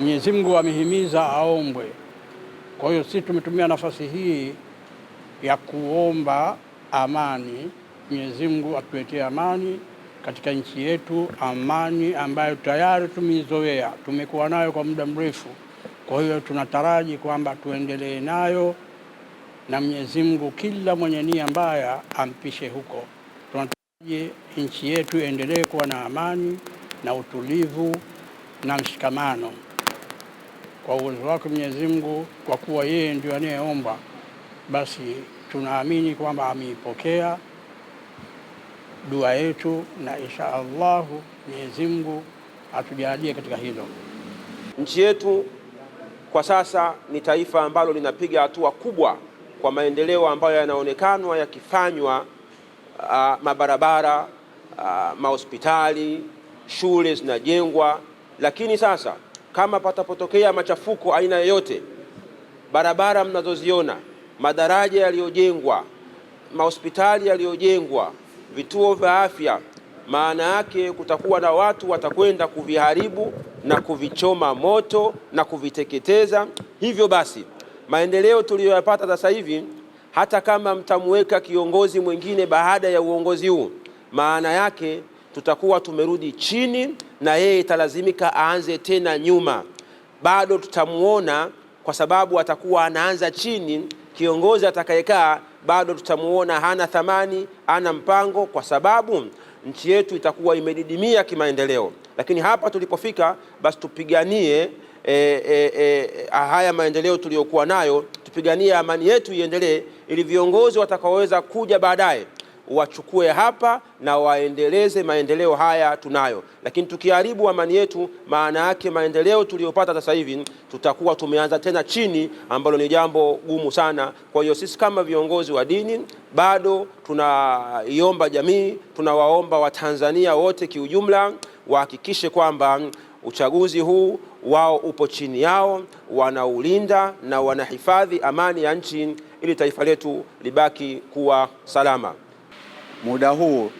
Mwenyezi Mungu amehimiza aombwe. Kwa hiyo sisi tumetumia nafasi hii ya kuomba amani. Mwenyezi Mungu atuletee amani katika nchi yetu, amani ambayo tayari tumeizoea, tumekuwa nayo kwa muda mrefu. Kwa hiyo tunataraji kwamba tuendelee nayo, na Mwenyezi Mungu kila mwenye nia mbaya ampishe huko. Tunataraji nchi yetu iendelee kuwa na amani na utulivu na mshikamano kwa uwezo wake Mwenyezi Mungu, kwa kuwa yeye ndio anayeomba, basi tunaamini kwamba ameipokea dua yetu, na insha allahu Mwenyezi Mungu atujalie katika hilo. Nchi yetu kwa sasa ni taifa ambalo linapiga hatua kubwa kwa maendeleo ambayo yanaonekanwa yakifanywa, uh, mabarabara, uh, mahospitali, shule zinajengwa, lakini sasa kama patapotokea machafuko aina yoyote, barabara mnazoziona, madaraja yaliyojengwa, mahospitali yaliyojengwa, vituo vya afya, maana yake kutakuwa na watu watakwenda kuviharibu na kuvichoma moto na kuviteketeza. Hivyo basi maendeleo tuliyoyapata sasa hivi, hata kama mtamweka kiongozi mwingine baada ya uongozi huu, maana yake tutakuwa tumerudi chini na yeye italazimika aanze tena nyuma. Bado tutamuona kwa sababu atakuwa anaanza chini. Kiongozi atakayekaa bado tutamuona hana thamani, hana mpango, kwa sababu nchi yetu itakuwa imedidimia kimaendeleo. Lakini hapa tulipofika, basi tupiganie E, e, e, haya maendeleo tuliyokuwa nayo, tupiganie amani yetu iendelee, ili viongozi watakaoweza kuja baadaye wachukue hapa na waendeleze maendeleo haya tunayo. Lakini tukiharibu amani yetu, maana yake maendeleo tuliyopata sasa hivi tutakuwa tumeanza tena chini, ambalo ni jambo gumu sana. Kwa hiyo sisi kama viongozi wa dini bado tunaiomba jamii, tunawaomba Watanzania wote kiujumla wahakikishe kwamba uchaguzi huu wao upo chini yao, wanaulinda na wanahifadhi amani ya nchi ili taifa letu libaki kuwa salama muda huu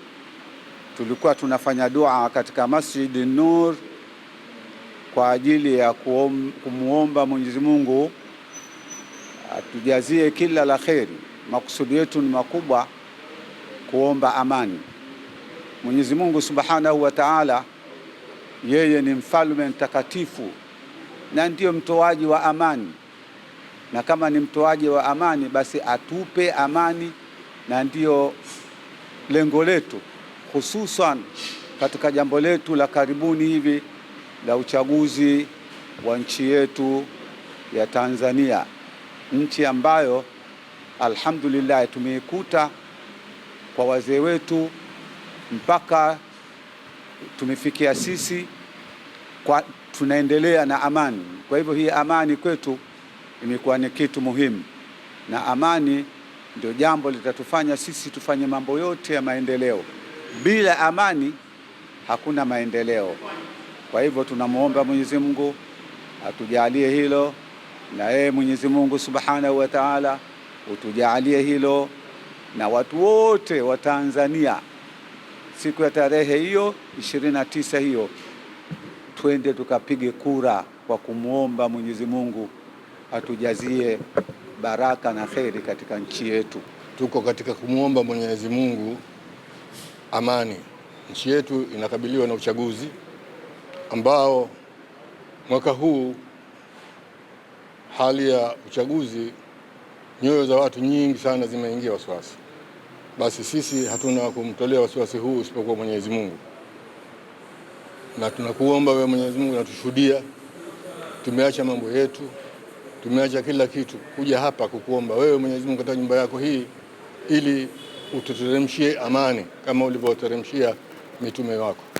tulikuwa tunafanya dua katika Masjidi Nur kwa ajili ya kumwomba Mwenyezi Mungu atujazie kila la kheri. Makusudi yetu ni makubwa, kuomba amani. Mwenyezi Mungu Subhanahu wa Ta'ala, yeye ni mfalme mtakatifu na ndiyo mtoaji wa amani, na kama ni mtoaji wa amani, basi atupe amani na ndiyo lengo letu hususan katika jambo letu la karibuni hivi la uchaguzi wa nchi yetu ya Tanzania, nchi ambayo alhamdulillah tumeikuta kwa wazee wetu mpaka tumefikia sisi kwa, tunaendelea na amani. Kwa hivyo hii amani kwetu imekuwa ni kitu muhimu, na amani ndio jambo litatufanya sisi tufanye mambo yote ya maendeleo. Bila amani hakuna maendeleo. Kwa hivyo tunamwomba Mwenyezi Mungu atujalie hilo, na yeye Mwenyezi Mungu Subhanahu wa Ta'ala utujalie hilo na watu wote wa Tanzania, siku ya tarehe hiyo 29 hiyo twende tukapige kura kwa kumwomba Mwenyezi Mungu atujazie baraka na kheri katika nchi yetu. Tuko katika kumwomba Mwenyezi Mungu amani. Nchi yetu inakabiliwa na uchaguzi ambao mwaka huu hali ya uchaguzi, nyoyo za watu nyingi sana zimeingia wasiwasi. Basi sisi hatuna kumtolea wasiwasi huu isipokuwa Mwenyezi Mungu, na tunakuomba wewe Mwenyezi Mungu, natushuhudia tumeacha mambo yetu Tumeacha kila kitu kuja hapa kukuomba wewe Mwenyezi Mungu katika nyumba yako hii, ili ututeremshie amani kama ulivyoteremshia mitume wako.